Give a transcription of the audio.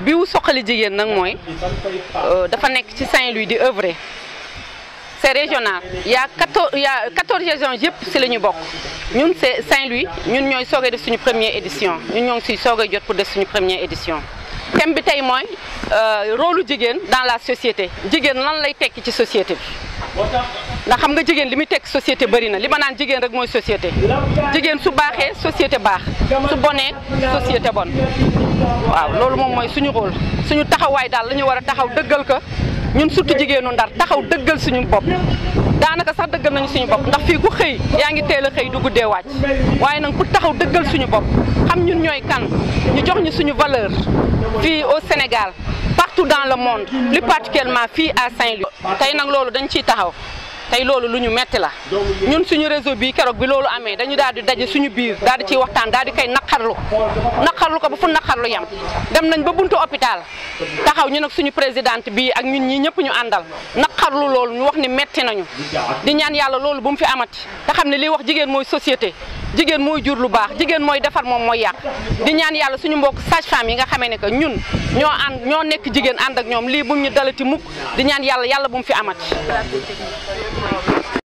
biwu soxali jigéen nag mooy euh, dafa nekk ci Saint-Louis di œuvrer c'est régional yaa y a quatorze il y a yëpp si la ñu bokk ñun se Saint-Louis ñun ñooy soog a def suñu première édition ñun ñoo si siy a jot pour def suñu première édition thème bi tey mooy euh, rôle jigéen dans la société jigéen lan lay tekki ci société bi ndax xam nga jigéen li muy teg societé bëri na li ma naan jigéen rek mooy société jigéen su baaxee societé baax su bonee société bon waaw loolu moom mooy suñu rôle suñu taxawaay daal la ñu war a taxaw dëggal ko ñun surtout jigéenu ndar taxaw dëggal suñu bopp daanaka sax dëggal nañu suñu bopp ndax fii ku xëy yaa ngi teel a xëy du guddee wàcc waaye nag pour taxaw dëggal suñu bopp xam ñun ñooy kan ñu jox ñu suñu valeur fii au Sénégal partout dans le monde plus particulièrement fii à Saint-Louis tey nag loolu dañu ciy taxaw tey loolu lu ñu metti la ñun suñu réseau bii keroog bi loolu amee dañu daal di daje suñu biir daal di ciy waxtaan daal di koy naqarlu naqarlu ko ba fu naqarlu yam dem nañ ba buntu hôpital taxaw ñu nag suñu présidente bii ak ñun ñii ñëpp ñu àndal naqarlu loolu ñu wax ni metti nañu di ñaan yàlla loolu bu mu fi amati te xam ne lii wax jigéen mooy société jigéen mooy jur lu baax jigéen mooy defar moom mooy yàq di ñaan yàlla suñu mbokk sage-femme yi nga xamee ne que ñun ñoo ànd ñoo nekk jigéen ànd ak ñoom lii bu ñu dalati mukk di ñaan yàlla yàlla bu mu fi amati